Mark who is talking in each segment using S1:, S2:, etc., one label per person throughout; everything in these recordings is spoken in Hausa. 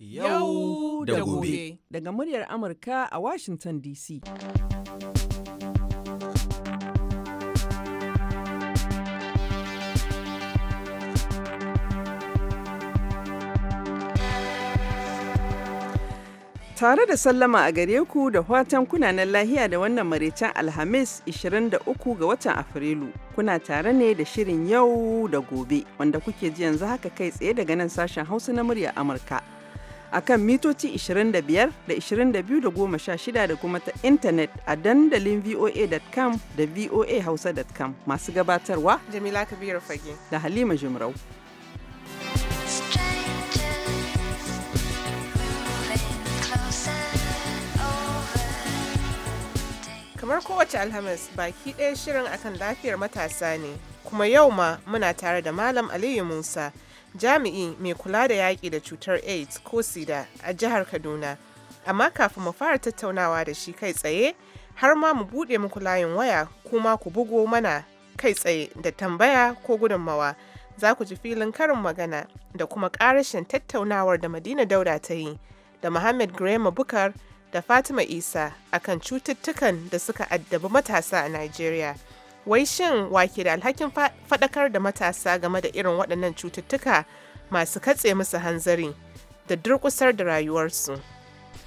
S1: yau da gobe
S2: daga muryar amurka a washington dc tare da sallama a gare ku da fatan kunanan lahiya da wannan maraicen alhamis 23 ga watan afrilu kuna tare ne da shirin yau da gobe wanda kuke ji yanzu haka kai tsaye daga nan sashen hausa na murya amurka akan mitoci 25 da 22 da 16 da kuma ta intanet a dandalin voa.com da voahausa.com masu gabatarwa Jamila Kabiru Fage da Halima Jumrau.
S1: kamar kowace alhamis baki ɗaya shirin akan lafiyar matasa ne kuma yau ma muna tare da malam aliyu musa jami'i mai kula da yaƙi da cutar aids ko sida a jihar kaduna amma kafin mu fara tattaunawa da shi kai tsaye har ma mu buɗe muku layin waya kuma ku bugo mana kai tsaye da tambaya ko gudunmawa za ku ji filin karin magana da kuma ƙarashin tattaunawar da madina dauda ta yi da muhammad grema bukar da fatima isa akan cututtukan da suka addabi matasa a nigeria Wai shin wake da alhakin faɗakar da matasa game da irin waɗannan cututtuka masu katse musu hanzari da durƙusar da rayuwarsu?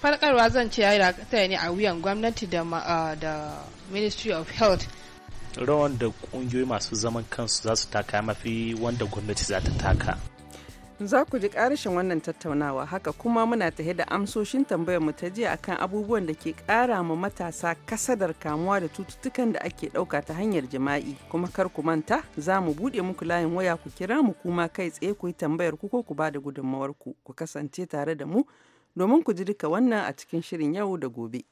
S3: Farkarwa zan ce yayi yi ne a wuyan gwamnati da Ministry of Health
S4: rawan da ƙungiyoyi masu zaman kansu za su taka mafi wanda gwamnati za ta taka
S2: Za ku ji ƙarashin wannan tattaunawa haka kuma muna tahe da amsoshin tambayar ta jiya akan abubuwan da ke ƙara ma matasa kasadar kamuwa da cututtukan da ake ɗauka ta hanyar jima'i. Kuma kar ku manta za mu buɗe muku layin waya ku kira mu kuma kai tsaye ku yi tambayar ku ko ku ba da gudunmawar ku. Ku kasance tare da mu domin ku ji duka wannan a cikin shirin yau da gobe.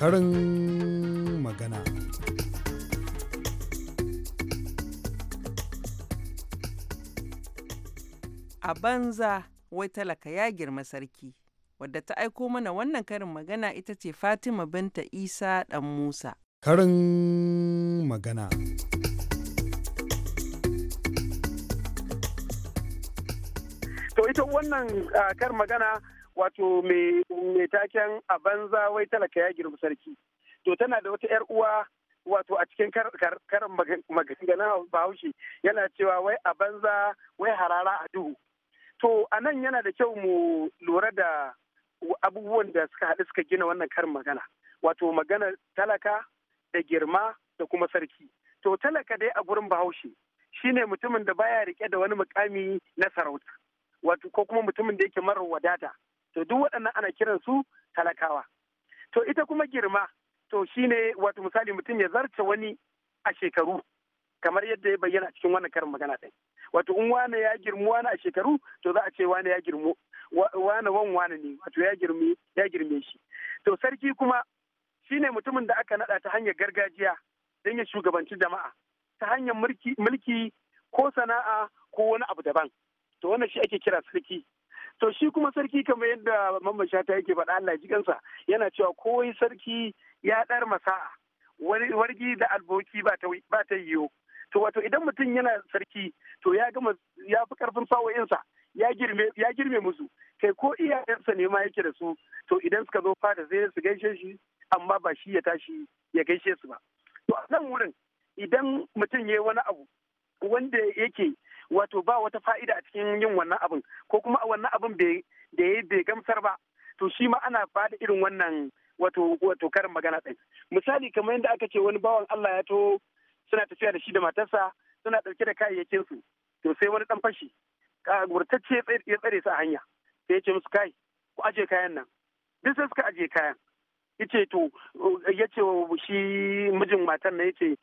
S5: karin magana.
S2: A banza wai talaka ya girma sarki, wadda ta aiko mana wannan karin magana ita ce Fatima binta Isa ɗan Musa.
S5: Karin magana.
S6: To ita wannan ah, kar magana wato mai taken a banza wai talaka ya girma sarki to tana da wata yar uwa wato a cikin karin maganganun bahaushe yana cewa wai a banza wai harara a duhu to a nan yana da kyau mu lura da abubuwan da suka haɗu suka gina wannan karin magana wato magana talaka da girma da kuma sarki to talaka dai a gurin bahaushe shine mutumin da baya rike da wani mukami na sarauta wato ko kuma mutumin da yake marar wadata to duk waɗannan ana kiran su talakawa to ita kuma girma to shine wato misali mutum ya zarce wani a shekaru kamar yadda ya bayyana cikin wannan karin magana ɗin wato in wane ya girmu wane a shekaru to za a ce wane ya girmu wane wan wane ne wato ya girme ya girme shi to sarki kuma shine mutumin da aka naɗa ta hanyar gargajiya don ya shugabanci jama'a ta hanyar mulki ko sana'a ko wani abu daban to wannan shi ake kira sarki to shi kuma sarki kamar yadda mamman shata yake faɗa Allah ji yana cewa kowai sarki ya ɗar masa wargi da alboki ba ta yiwu to wato idan mutum yana sarki to ya gama ya fi karfin sawo'insa ya girme musu kai ko iyayensa ne ma yake da su to idan suka zo fada sai su gaishe shi amma ba shi ya tashi ya gaishe su ba to a nan wurin idan mutum ya yi wani abu wanda yake wato ba wata fa'ida a cikin yin wannan abin ko kuma wannan abin da ya bai gamsar ba to shi ma ana bada irin wannan wato wato karin magana ɗin misali kamar yadda aka ce wani bawan Allah ya to suna tafiya da shi da matarsa suna ɗauke da kayayyakin su to sai wani ɗan fashi gurtacce ya tsare su a hanya sai ya ce musu kai ku aje kayan nan duk sai suka aje kayan yace to yace shi mijin matan na yace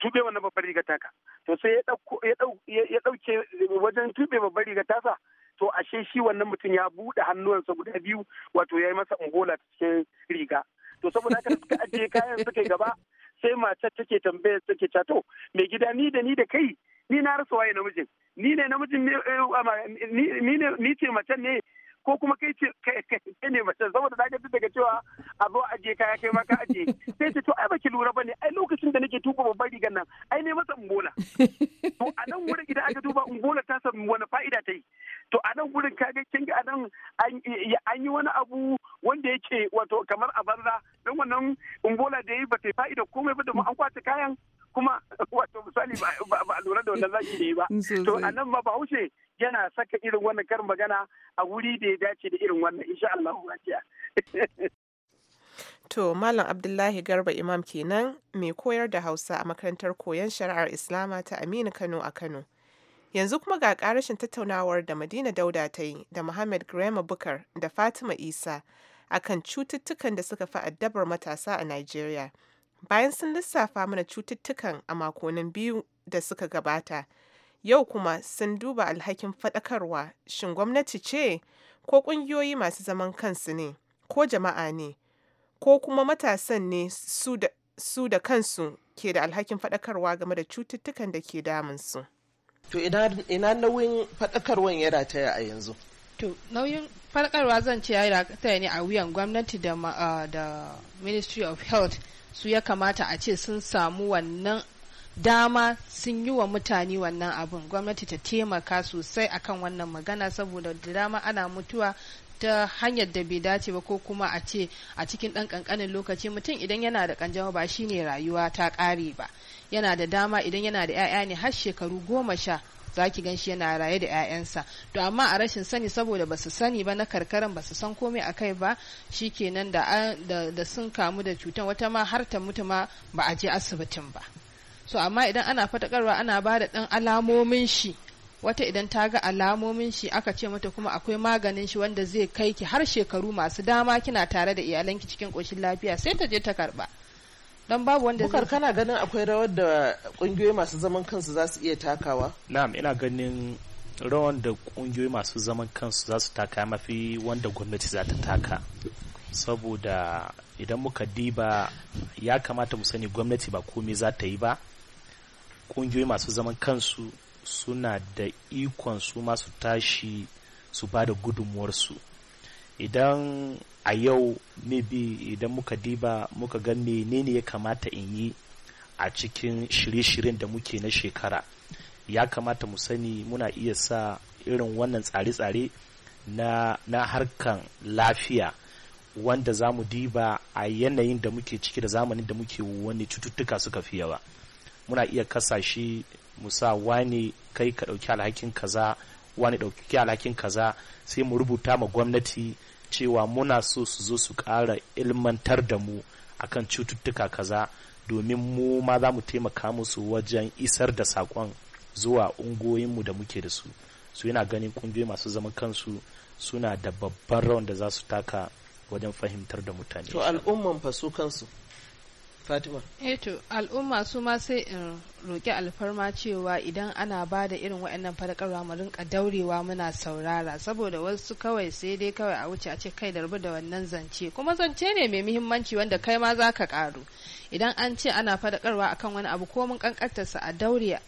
S6: tube wannan babbar rigar taka to sai ya ɗauke wajen tube babbar rigar tasa to ashe shi wannan mutum ya buɗe hannuwansa guda biyu wato ya yi masa ungola cikin riga to saboda haka suka ajiye kayan suka gaba sai mace take tambayar take ta to mai gida ni da ni da kai ni na rasa waye namijin ni ne namijin eh, ni ce macen ne ko kuma kai ce kai ne mace saboda ta gaji daga cewa a zo aje kaya kai ma ka aje sai ce to ai baki lura bane ai lokacin da nake tuka babban rigar nan ai ne masa umbola to a nan wurin idan aka duba ungola ta samu wani fa'ida ta yi to a nan gurin kage kin ga nan an yi wani abu wanda yake wato kamar a banza don wannan umbola da yi ba ta fa'ida komai ba da an kwace kayan kuma wato misali ba a lura da wannan zaki da yi ba to a nan ma bahaushe yana saka irin wannan karin magana a wuri da ya dace da irin wannan insha Allah
S1: To Malam Abdullahi Garba Imam kenan mai koyar da Hausa a makarantar koyon shari'ar Islama ta Aminu Kano a Kano. Yanzu kuma ga karashin tattaunawar da Madina Dauda ta yi da Muhammad Grema Bukar da Fatima Isa akan cututtukan da suka fi addabar matasa a Najeriya. Bayan sun lissafa mana cututtukan a makonin biyu da suka gabata, yau kuma sun duba alhakin faɗakarwa shin gwamnati ce ko ƙungiyoyi masu zaman kansu ne ko jama'a ne ko kuma matasan ne su da kansu ke da alhakin faɗakarwa game da cututtukan da ke damunsu. to ina nauyin
S7: faɗakarwan ya taya a yanzu
S3: to nauyin faɗakarwa zan ce ya rataya ne a wuyan gwamnati da ministry of health su ya kamata a ce sun samu wannan dama sun yi wa mutane wannan abin gwamnati ta taimaka sosai akan wannan magana saboda da dama ana mutuwa ta hanyar da bai dace ba ko kuma a ce a cikin ɗan ƙanƙanin lokaci mutum idan yana da ƙanjama ba shi ne rayuwa ta ƙare ba yana da dama idan yana da 'ya'ya ne har shekaru goma sha za ki gan yana raye da 'ya'yansa to amma a rashin sani saboda ba su sani ba na karkaran su san komai a kai ba shi ke da da sun kamu da cutan wata ma har ta mutu ma ba a je asibitin ba so amma idan ana fatakarwa ana ba da ɗan alamomin shi wata idan ta ga alamomin shi aka ce mata kuma akwai maganin shi wanda zai kai ki har shekaru masu dama kina tare da iyalanki cikin ƙoshin lafiya sai ta je ta karba don babu wanda zai kana ganin akwai
S4: rawar da kungiyoyi masu zaman kansu za su iya takawa na'am ina ganin rawar da kungiyoyi masu zaman kansu za su taka mafi wanda gwamnati za ta taka saboda idan muka diba ya kamata mu sani gwamnati ba komai za ta yi ba kungiyoyi masu zaman kansu suna da ikon su masu tashi su ba da gudunmuwarsu idan a yau maybe idan muka diba muka ga menene ya kamata in yi a cikin shirye-shiryen da muke na shekara ya kamata mu sani muna iya sa irin wannan tsare-tsare na, na harkan lafiya wanda za mu diba a yanayin da muke ciki da zamanin da muke wani cututtuka suka fi yawa muna iya kasashe mu sa wani kai ka ɗauki alhakin kaza wani ɗauki alhakin kaza sai mu rubuta ma gwamnati cewa muna so su zo su ƙara ilmantar da mu akan cututtuka kaza domin mu ma za mu taimaka musu wajen isar da saƙon zuwa ungoyinmu da muke da su su yana ganin ƙungiyoyi masu zaman kansu suna da babban rawan da za su taka wajen fahimtar da mutane
S3: to
S7: al'umman fa su kansu Fatima.
S3: Eto eh al'umma su ma sai in roƙi alfarma cewa idan ana ba da irin waɗannan fadakarwa mu rinka daurewa muna saurara saboda wasu kawai sai dai kawai a wuce a ce kai da rabu da wannan zance kuma zance ne mai muhimmanci wanda kai ma za ka ƙaru idan an ce ana fadakarwa akan wani abu ko mun ƙanƙantarsa a daure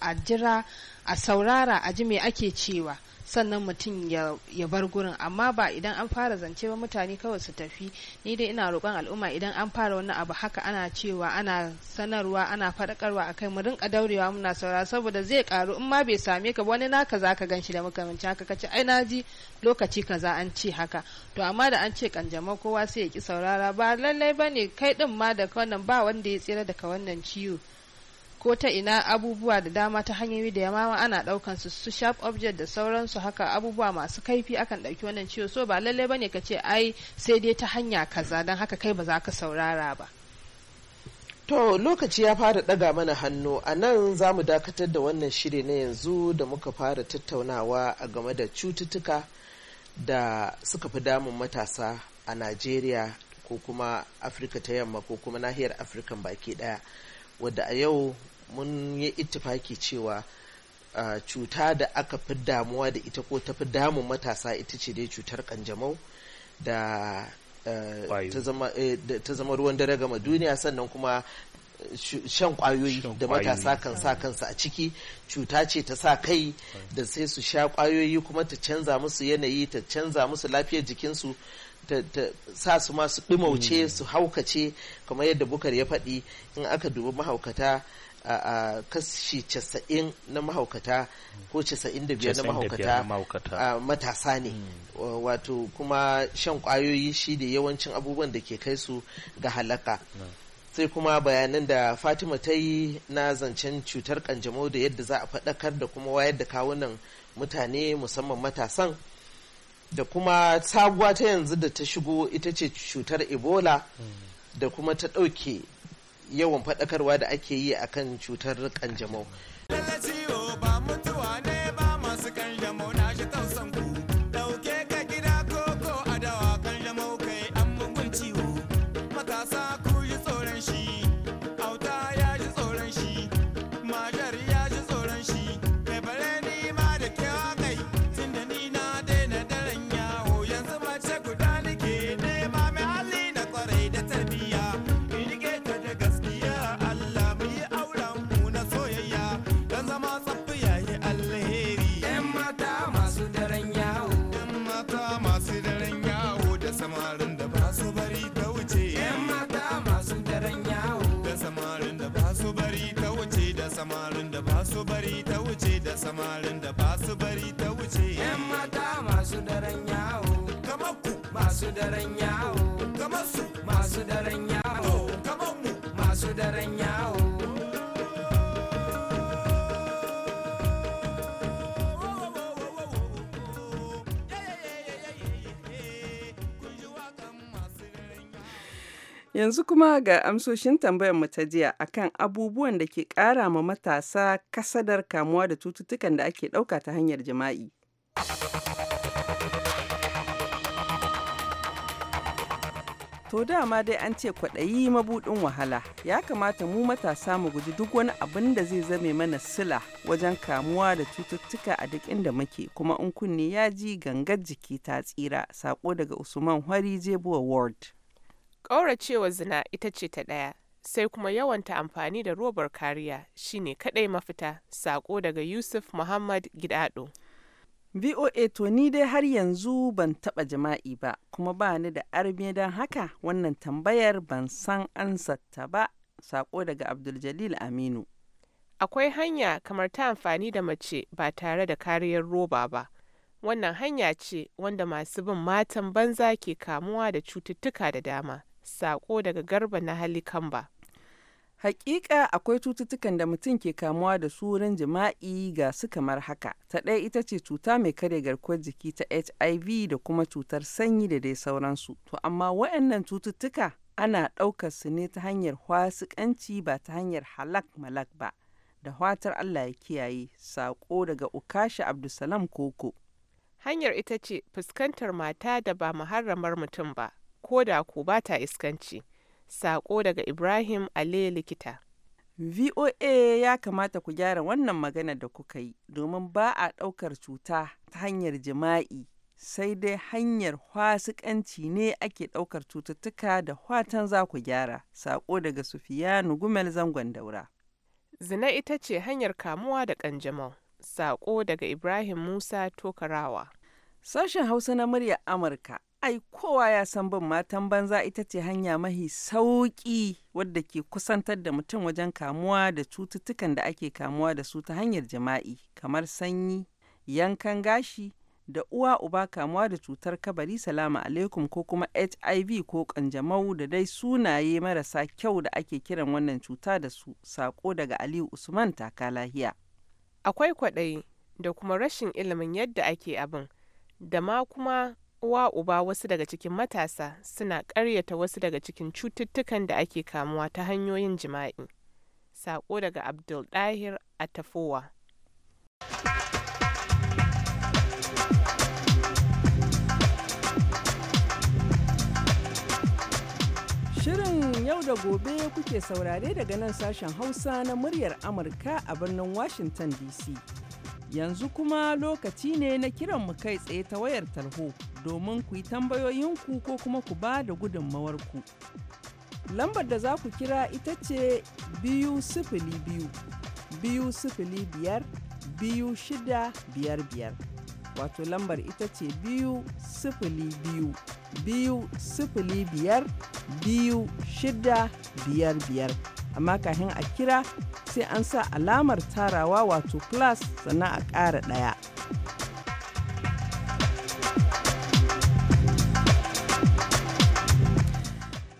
S3: a jira a saurara a ji me ake cewa sannan mutum ya bar gurin amma ba idan an fara zance ba mutane kawai su tafi ni dai ina roƙon al'umma idan an fara wani abu haka ana cewa ana sanarwa ana faɗakarwa kai mu rinka daurewa muna saura saboda zai karu in ma bai same ka wani naka ka ganshi da makamanci haka kace ai ji lokaci kaza an ce haka to amma da an ce kanjamau kowa sai ya ki saurara ba lallai ba ne kai ɗin ma da wannan ba wanda ya tsira daga wannan ciwo ko ta ina abubuwa da dama ta hanyoyi da yamma ana daukan su su sharp object da sauransu haka abubuwa masu kaifi akan dauki wannan ciwo so ba lalle bane ka ce ai sai dai ta hanya kaza dan haka kai ba za ka saurara ba
S7: To lokaci ya fara daga mana hannu a nan za mu dakatar da wannan shiri na yanzu da muka fara tattaunawa a game da cututtuka da suka fi damun matasa a Najeriya ko kuma Afirka ta yamma ko kuma nahiyar Afirka baki ɗaya wadda a yau mun yi ittifaki cewa cuta da aka fi damuwa da ita ko ta fi damun matasa ita ce dai cutar kanjamau da eh, ta zama ruwan dare gama duniya sannan kuma shan kwayoyi da matasa kan sa kansa a ciki cuta ce ta sa kai da sai su sha kwayoyi kuma ta canza musu yanayi ta canza musu lafiyar jikinsu ta sa su masu ɗimauce hmm. su haukace kamar yadda bukar ya faɗi in aka dubi mahaukata a kashi casa'in na mahaukata ko casa'in da biyar na
S4: mahaukata
S7: matasa ne hmm. wato kuma shan kwayoyi shi da yawancin abubuwan da ke kai su ga halaka sai kuma bayanan da fatima ta yi na zancen cutar kanjamau da yadda za a faɗakar da kuma wayar da kawunan mutane musamman matasan da kuma sabuwa ta yanzu da ta shigo ita ce cutar ebola hmm. da kuma ta ɗauke yawan faɗakarwa da ake yi akan cutar kanjamau.
S2: masu Yanzu kuma ga amsoshin tambayar mu ta jiya akan abubuwan da ke ƙara ma matasa kasadar kamuwa da cututtukan da ake ɗauka ta hanyar jima'i. To dama dai an ce kwaɗayi mabuɗin wahala, ya kamata mu matasa mu guji duk wani abin da zai zame mana sila wajen kamuwa da cututtuka a duk inda muke, kuma in kunne ya ji gangar jiki ta tsira, sako daga Usman Hwari Jebuwa Ward.
S1: Ƙauracewa zina ita ce ta ɗaya, sai kuma yawanta amfani da robar kariya shine kaɗai mafita, sako daga Yusuf Muhammad gidaɗo.
S2: VOA to ni dai har yanzu ban taɓa jima'i ba kuma ba ni da arme don haka wannan tambayar ban san ansatta ba sako daga Abdul Aminu. Akwai hanya kamar ta amfani da mace ba tare da kariyar roba
S1: ba. Wannan hanya ce wanda masu bin matan banza ke kamuwa da cututtuka
S2: da dama. Sako daga garba na halikamba. Hakika akwai cututtukan da mutum ke kamuwa da su wurin jima'i ga su kamar haka. Ta ɗaya ita ce cuta mai karya garkuwar jiki ta HIV da kuma cutar sanyi da dai sauransu. To amma waɗannan cututtuka ana ɗaukar su ne ta hanyar hwasikanci ba ta hanyar halak malak ba. Da watar Allah ya kiyaye, saƙo daga Ukasha Abdulsalam Koko.
S1: Hanyar ita ce fuskantar mata da ba muharramar mutum ba, ko da
S2: ko ba ta iskanci. Sako daga Ibrahim Ale Likita. VOA ya kamata ku gyara wannan magana da kuka yi domin ba a ɗaukar cuta ta hanyar jima'i sai dai hanyar hwasikanci ne ake ɗaukar cututtuka da watan za ku gyara. Sako daga Sufiyanu Gumel Zangon Daura. Zina ita ce hanyar kamuwa da ƙanjamau. Sako daga Ibrahim Musa Tokarawa. Sashen Hausa na muryar Amurka ai kowa ya san bin matan banza ita ce hanya mahi sauƙi wadda ke kusantar da mutum wajen kamuwa da cututtukan da ake kamuwa da su ta hanyar jima'i kamar sanyi yankan gashi da uwa uba kamuwa da cutar kabari salamu alaikum ko kuma hiv ko kanjamau da dai sunaye marasa kyau da ake kiran wannan cuta da su sako daga aliyu usman taka lahiya akwai kwaɗayi da kuma rashin ilimin yadda
S1: ake abin da ma kuma uwa uba wasu daga cikin matasa suna ƙaryata wasu daga cikin cututtukan da ake kamuwa ta hanyoyin jima'i. Sako daga Abdul Dahir a tafowa.
S2: Shirin yau da gobe kuke saurare daga nan sashen Hausa na muryar Amurka a birnin Washington DC. Yanzu kuma lokaci ne na kiran mu kai tsaye ta wayar tarho domin ku yi tambayoyinku ko kuma ku ba da ku. Lambar da za ku kira ita ce biyu sifili biyu, biyu sifili biyar, biyu shida biyar biyar. Wato lambar ita ce biyu sifili biyu, biyu sifili biyar, biyu shida biyar biyar. Amma kahin a kira sai an sa alamar tarawa wato plus sannan a ƙara ɗaya.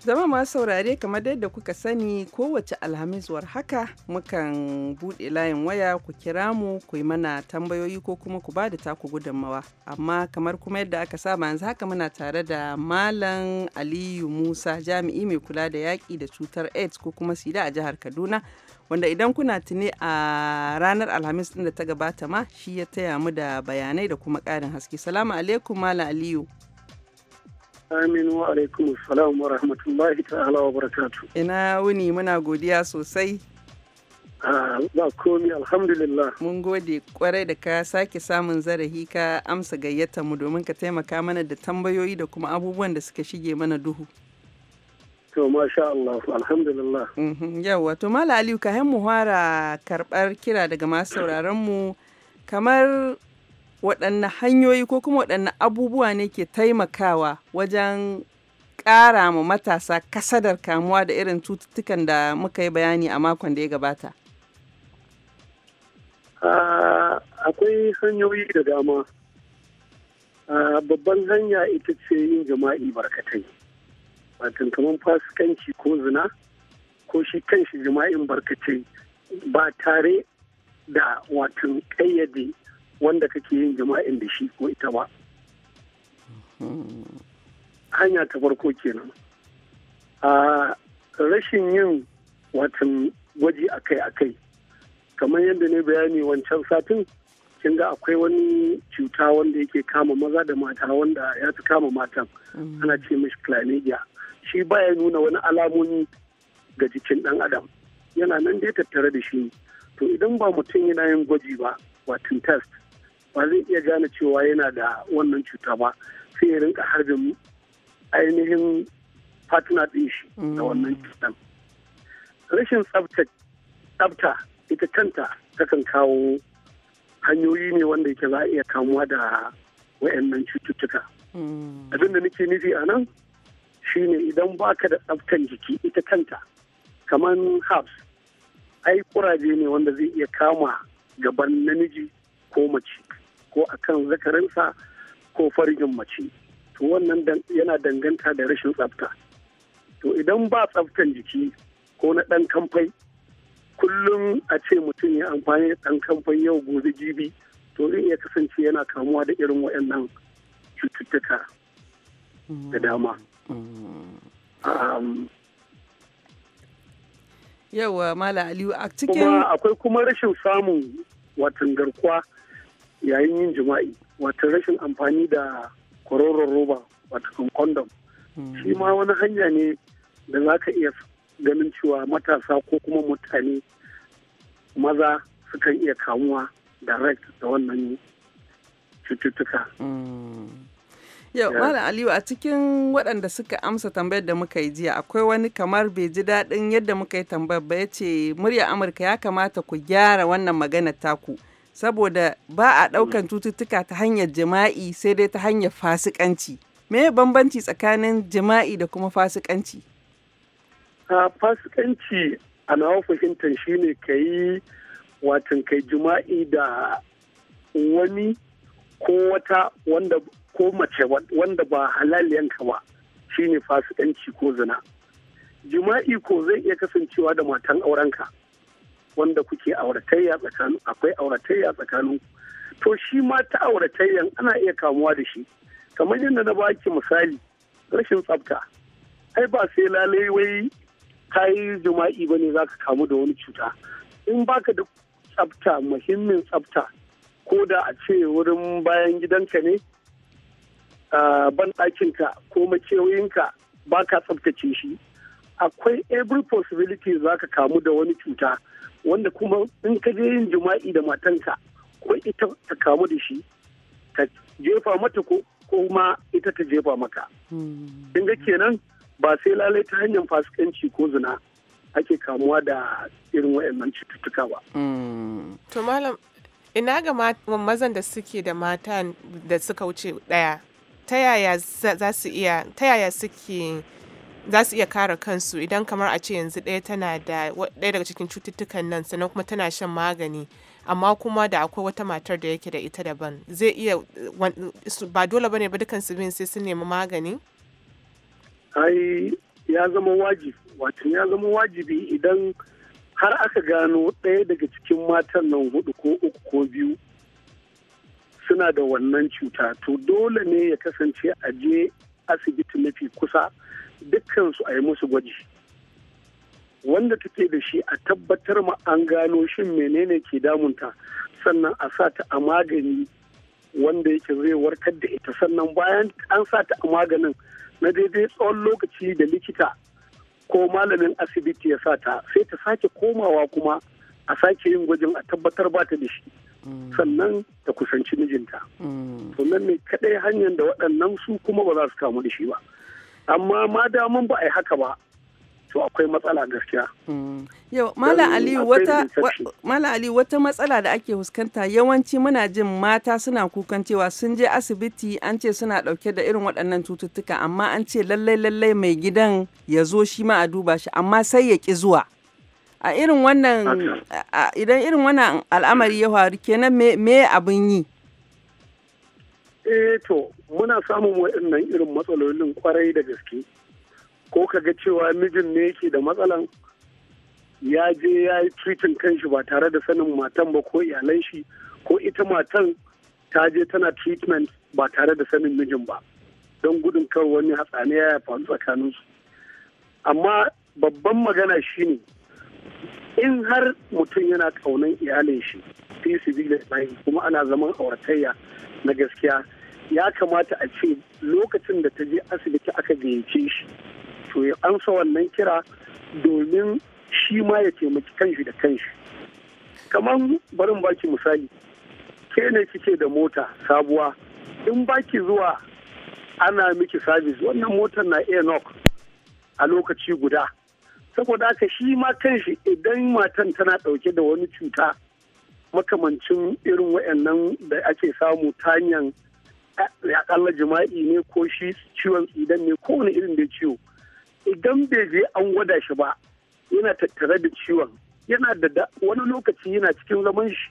S2: Zama masu saurare kamar yadda kuka sani kowace alhamis war haka mukan buɗe layin waya ku kira mu ku yi mana tambayoyi ko kuma ku bada taku gudunmawa. Amma kamar kuma yadda aka saba yanzu haka muna tare da Malam Aliyu Musa jami'i mai kula da yaƙi da cutar AIDS ko kuma sida a jihar Kaduna. Wanda idan kuna tuni a ranar Alhamis ɗin da ta gabata ma shi ya taya mu da bayanai da kuma ƙarin haske. Salamu alaikum Malam Aliyu.
S6: Amin wa alaikum salam wa rahmatullahi ta'ala wa barakatu.
S2: Ina wuni muna godiya sosai. Ah, ba komi alhamdulillah. Mun gode kwarai da ka sake samun zarahi ka amsa gayyata mu domin ka taimaka mana da tambayoyi da kuma abubuwan da suka shige mana duhu.
S6: To masha Allah alhamdulillah. Mhm,
S2: Yawwa to Mala Aliyu ka mu muhara karɓar kira daga masu sauraron mu kamar waɗanne hanyoyi ko kuma waɗanne abubuwa ne ke taimakawa wajen ƙara ma matasa kasadar kamuwa da irin cututtukan da muka yi bayani a makon da ya gabata?
S6: Akwai hanyoyi da dama. Babban hanya ita ce yin jama'i barkatai. Watan kamar fasikanci ko zina ko shi kanshi jama'in barkatai ba tare da watan ƙayyade wanda kake yin jima'in da shi ko ita ba hanya ta farko kenan a rashin yin watan gwaji akai-akai kamar yadda ne bayani wancan satin kin ga akwai wani cuta wanda yake kama maza da mata wanda ya fi kama matan ana ce mishi chlamydia shi baya nuna wani alamomi ga jikin dan adam yana nan dai tattare da shi to idan ba mutum yana yin gwaji ba watan test ba zai iya gane cewa yana da wannan cuta ba sai ya rinka harbin ainihin fatina ɗin shi da mm. wannan cutan rashin tsabta ita kanta takan kawo hanyoyi ne wanda yake za a iya kamuwa da wayannan cututtuka mm. abin da nake nufi a nan shine idan baka da tsaftan jiki ita kanta kamar herbs ai kuraje ne wanda zai iya kama gaban namiji ko mace ko a kan zakarinsa ko farjin mace to wannan yana danganta da rashin tsafta to idan ba tsaftan jiki ko na ɗan kamfai kullum a ce mutum ya amfani da ɗan kamfai yau gobe jibi to zai iya kasance yana kamuwa da irin waɗannan cututtuka da dama um,
S2: yawa mala aliyu a
S6: cikin akwai kuma rashin samun watan garkuwa yayin yin jima'i wata rashin amfani da kwaroron roba wata condom hmm. shi ma wani hanya ne da za ka iya ganin cewa matasa ko kuma mutane maza sukan iya kamuwa da rex da wannan cututtuka.
S8: Hmm.
S6: yau malam
S2: aliyu a cikin waɗanda suka amsa tambayar da muka yi jiya akwai wani kamar bai ji daɗin yadda muka yi tambayar ba ya ce murya amurka ya kamata ku gyara wannan maganar taku. saboda ba a ɗaukan mm. cututtuka ta hanyar jima'i sai dai ta hanyar fasikanci. Me bambanci tsakanin jima'i da kuma fasikanci?
S6: A fasikanci a nawa fahimtar shi ne ka yi watan kai jima'i da wani ko wata wanda ko mace wanda ba halaliyanka ba shine fasikanci ko zina. Jima'i ko zai iya kasancewa da matan aurenka. wanda kuke auratayya tsakanin akwai auratayya tsakanin to shi ma ta auratayyan ana iya kamuwa da shi kamar yadda na baki misali rashin tsafta ai ba sai lalai wai ka yi jima'i ba ne za ka kamu da wani cuta in baka da tsafta muhimmin tsafta ko da a ce wurin bayan gidanka ne ah, ban ɗakinka ko makewayinka ba ka tsaftace shi akwai every possibility za ka kamu da wani cuta wanda kuma in ka je yin jima'i da matanka ko ita ta kamu da shi ta jefa mata ko kuma ita ta jefa maka. Hmm. In ga kenan ba sai lalai ta hanyar fasikanci ko zina ake kamuwa da irin wa'annan cututtuka ba.
S1: Hmm. To ina ga mazan da suke da matan da suka wuce daya ta yaya za su iya ta yaya suke za su iya kare kansu idan kamar a ce yanzu ɗaya tana da ɗaya daga cikin cututtukan nan sannan kuma tana shan magani amma kuma da akwai wata matar da yake da ita daban zai iya ba dole bane ba dukan su sai sun nemi magani
S6: ai ya zama wajibi wato ya zama wajibi idan har aka gano ɗaya daga cikin matan nan hudu ko uku ko biyu suna da wannan cuta to dole ne ya kasance a je asibiti mafi kusa dukkansu a yi musu gwaji wanda take da shi a tabbatar ma an gano shin menene ke damunta sannan a sa ta a magani wanda yake zai warkar da ita sannan bayan an sa ta a maganin na daidai tsawon lokaci da likita ko malamin asibiti ya sa ta sai ta sake komawa kuma a sake yin gwajin a tabbatar ba ta da shi mm. sannan ta kusanci mijinta sannan mm. ne kaɗai hanyar da waɗannan su kuma ba za su kamu da shi ba amma ma mun ba a haka ba to akwai matsala gaskiya. Hmm. Yau, Mala Ali
S2: wata matsala da ake fuskanta yawanci muna jin mata suna kukan cewa sun je asibiti an ce suna ɗauke da irin waɗannan cututtuka amma an ce lallai lallai mai gidan ya zo shi ma a duba shi amma sai ya ƙi zuwa. A irin wannan idan irin wannan al'amari ya faru kenan me abin yi?
S6: eh to muna samun waɗannan irin matsalolin kwarai da gaske ko ka ga cewa mijin ne yake da matsalan ya je ya yi kan kanshi ba tare da sanin matan ba ko iyalan shi ko ita matan ta je tana treatment ba tare da sanin mijin ba don gudun kar wani hatsaniya ya faru tsakaninsu amma babban magana shine in har mutum yana kaunan iyalin shi fi su kuma ana zaman auratayya na gaskiya ya kamata a ce lokacin da ta je asibiti aka gayyace shi to ya ansa wannan kira domin shi ma ya taimaki kanshi da kanshi kamar barin baki misali ke ne kike da mota sabuwa in baki zuwa ana miki sabis wannan motar na iya nok a lokaci guda saboda haka shi ma kanshi idan matan tana ɗauke da wani cuta makamancin irin wayannan da ake samu ta hanyar kalla jima'i ne ko shi ciwon idan ne ko irin da ya ciwo idan bai je an gwada shi ba yana tattare da ciwon yana da wani lokaci yana cikin zaman shi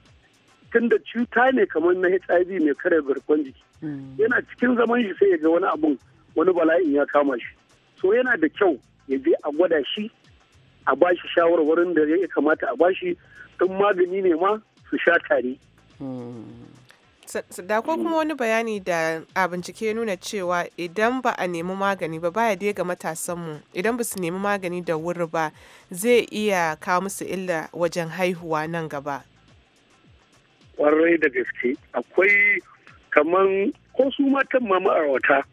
S6: da cuta ne kamar na HIV mai kare garkon jiki hmm. yana cikin zaman shi sai ya ga wani abun wani bala'in ya kama shi so yana da kyau ya je a gwada shi a bashi shawarwarin da ya kamata a bashi don magani ne ma su sha tare hmm.
S1: da ko kuma wani bayani da a bincike nuna cewa idan ba a nemi magani ba baya dai ga matasanmu idan ba su nemi magani da wuri ba zai iya kawo musu illa wajen haihuwa nan gaba
S6: kwarai da gaske akwai kamar ko su matan ma ma'aurata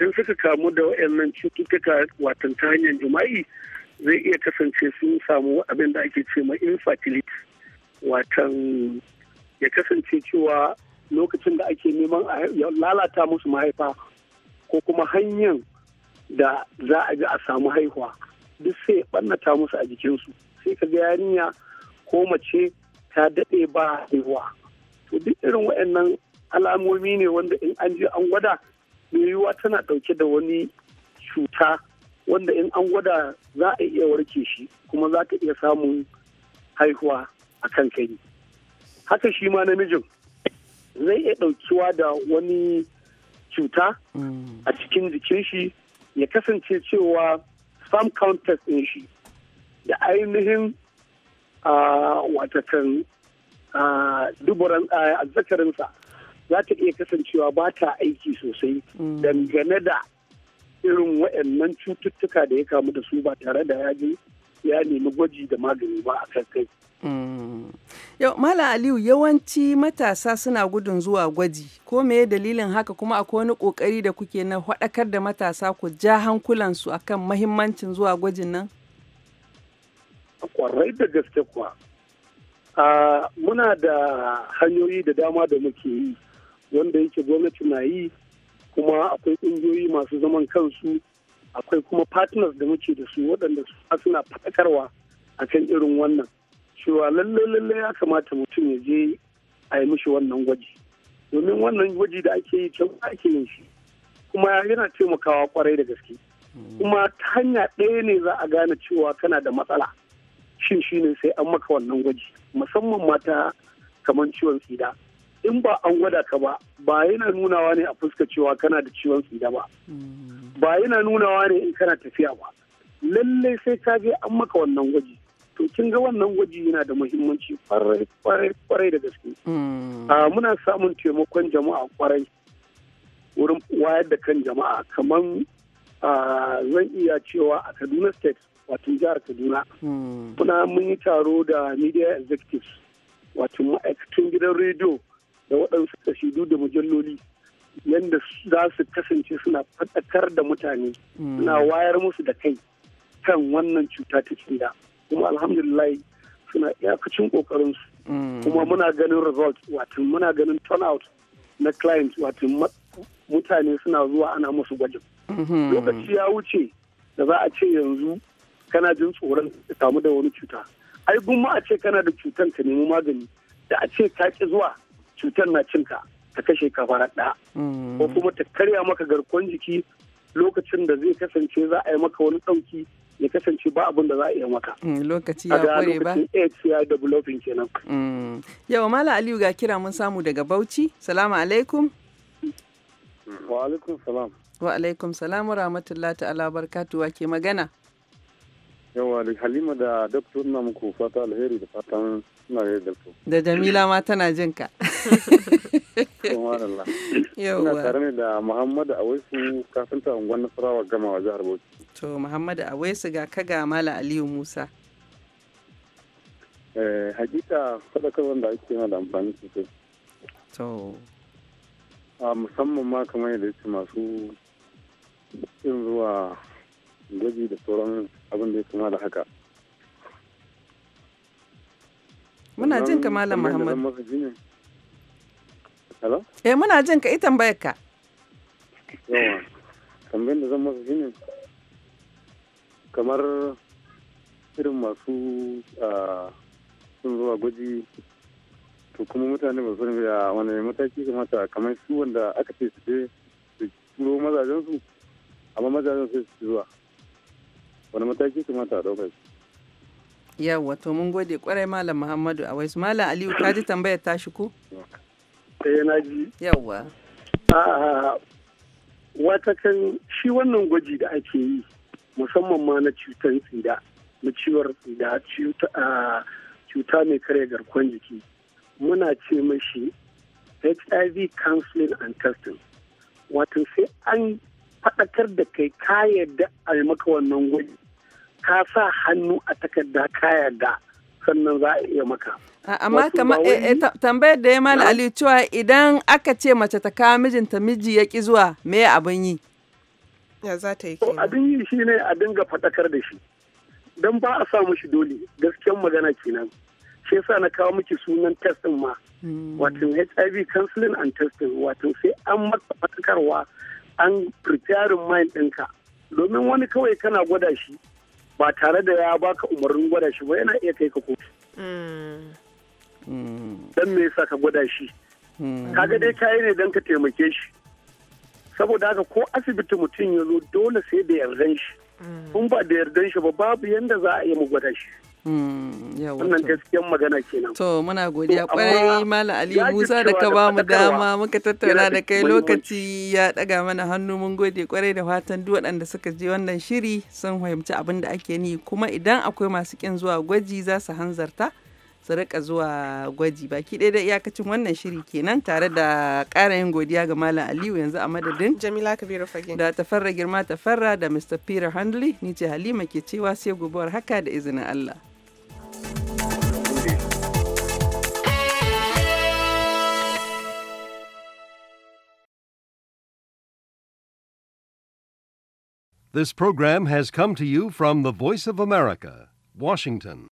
S6: in suka kamu da waɗannan cututtuka watan ta hanyar jima'i zai iya kasance sun samu abin da ake ce ma infertility watan ya kasance cewa lokacin da ake neman a lalata musu mahaifa ko kuma hanyar da za a bi a samu haihuwa duk sai ya ɓannata musu a jikinsu sai ka ga yarinya ko mace ta daɗe ba haihuwa to duk irin waɗannan alamomi ne wanda in an je an gwada mai yiwuwa tana ɗauke da wani cuta wanda in an gwada za a iya warke shi kuma za ta iya samun haihuwa a kan kai haka shi ma namijin zai iya ɗaukiwa da wani cuta mm. a cikin jikin shi ya kasance cewa farm counters ɗin shi da ainihin a watakan duburan azzakarinsa za ta iya kasancewa ba ta aiki sosai mm. dangane da irin waɗannan cututtuka da ya kamu da su ba tare da ya nemi gwaji da magani ba a kai.
S8: Mm.
S2: Yau Malam Aliyu yawanci matasa suna gudun zuwa gwaji, ko meye dalilin haka kuma akwai wani kokari da kuke na faɗakar da matasa ku ja hankulansu akan mahimmancin zuwa gwajin nan?
S6: Kwarai da gaske kuwa. muna da hanyoyi da dama da muke yi wanda yake gwamnati na yi kuma akwai ƙungiyoyi masu zaman kansu akwai kuma partners da muke da su waɗanda suna faɗakarwa akan irin wannan. cewa lalle lalle ya kamata mutum ya je a yi mishi wannan gwaji domin wannan gwaji da ake yi kyau ake yin shi kuma yana taimakawa kwarai da gaske kuma ta hanya ɗaya ne za a gane cewa kana da matsala shin shi ne sai an maka wannan gwaji musamman mata kamar ciwon tsida in ba an gwada ka ba ba yana nunawa ne a fuska cewa kana da ciwon tsida ba ba yana nunawa ne in kana tafiya ba lallai sai ka je an maka wannan gwaji to kin ga wannan gwaji yana da muhimmanci kwarai da gaske hmm. ah, muna samun taimakon jama'a kwarai wurin wayar da kan jama'a kamar ah, zan iya cewa a kaduna state wato jihar kaduna hmm. muna mun yi taro da media executives wato ma'aikatan gidan rediyo da waɗansu kashidu da mujalloli yadda za su kasance suna faɗakar da mutane hmm. suna wayar musu da kai kan wannan cuta ta da. kuma alhamdulillah suna iyakacin kokarin
S8: su mm. kuma muna
S6: ganin result wato muna ganin turnout na client wato mutane suna zuwa ana musu gwajin
S8: mm-hmm. lokaci
S6: ya wuce da za a ce yanzu kana jin tsoron ka samu da wani cuta ai ma a ce kana da cutan ka nemi magani da a ce ka ki zuwa cutar na cin ka ta kashe ka fara ɗaya mm. ko kuma ta karya maka garkuwar jiki lokacin da zai kasance za a yi maka wani ɗauki ya kasance ba abin da za a iya maka. Mm, lokaci ya kware ba. Lokacin AIDS ya developing kenan.
S2: Mm. Yawa Malam Aliyu ga kira mun samu daga Bauchi. Salamu alaikum.
S5: Wa alaikum salam.
S2: Wa alaikum salam wa rahmatullahi ta'ala barkatuwa ke magana.
S5: Yawa da Halima da Doktor na muku fata alheri da fatan suna yi dalto.
S2: Da Jamila ma tana jin ka.
S5: Yawa. Ina tare ne da Muhammadu Awaisu kafinta unguwar Nasarawa gama wa jihar Bauchi.
S2: to muhammadu awaisu ga kaga mala aliyu musa
S5: eh hakika faɗakarwar da ake yana da amfani sosai to a musamman ma kamar yadda ya ce masu yin zuwa gwaji da sauran abin da ya kama da haka muna jin ka malam Muhammadu. hello
S2: eh muna jin ka ita tambayar ka
S5: yawa tambayar da zan masa jini kamar irin masu sun zuwa gwaji to kuma mutane ba su a wani mataki kamata kamar su wanda aka ce su je su turo mazajen su amma mazajen sai su zuwa wani mataki kamata a daukar
S2: yawa to mun gode kwarai malam muhammadu a waisu malam aliyu ka ji tambayar tashi ko
S6: eh na ji yawa ah, wata kan shi wannan gwaji da ake yi musamman ma na cutar tsida na ciwar tsida cuta mai karya garkuwar jiki muna ce mashi hiv counseling and testing wato sai an faɗakar da kai ka da a yi maka wannan gwaji ka sa hannu a takarda ka sannan za a iya maka amma kama eh, eh,
S2: tambayar da ya mala aliyu cewa idan aka ce mace ta kawo mijinta
S6: miji ya ki zuwa
S2: me abin yi
S6: ya za ta yi kenan abin yi shi ne a dinga faɗakar da shi don ba a samu shi dole gaskiyan magana kenan shi yasa na kawo miki sunan testin ma hmm. wato HIV counseling and testing wato sai an maka fadakarwa an preparing mind ɗinka domin wani kawai kana gwada shi ba tare da ya baka umarnin gwada shi ba yana iya kai ka kofi
S8: hmm.
S6: hmm. don me yasa ka gwada shi kaga dai kayi ne don ka taimake shi saboda haka ko asibiti mutum ya zo dole sai da yardan shi kun mm. ba da yardan shi ba babu yadda za a yi mu gwada shi
S8: mm, wannan
S6: gaskiyan magana kenan
S2: to muna godiya kwarai malam ali musa da ka ba mu dama muka tattauna da kai lokaci ya daga mana hannu mun gode kwarai da fatan duk waɗanda suka je wannan shiri sun fahimci abin da ake ni kuma idan akwai masu kin zuwa gwaji za su hanzarta su rika zuwa gwaji baki ɗaya da iyakacin wannan shiri kenan tare da ƙara yin godiya ga malam aliyu yanzu a madadin jamila kabiru fagin da tafarra girma tafarra da mr peter handley ni ce halima ke cewa sai gobuwar haka da izinin allah
S8: This program has come to you from the Voice of America, Washington.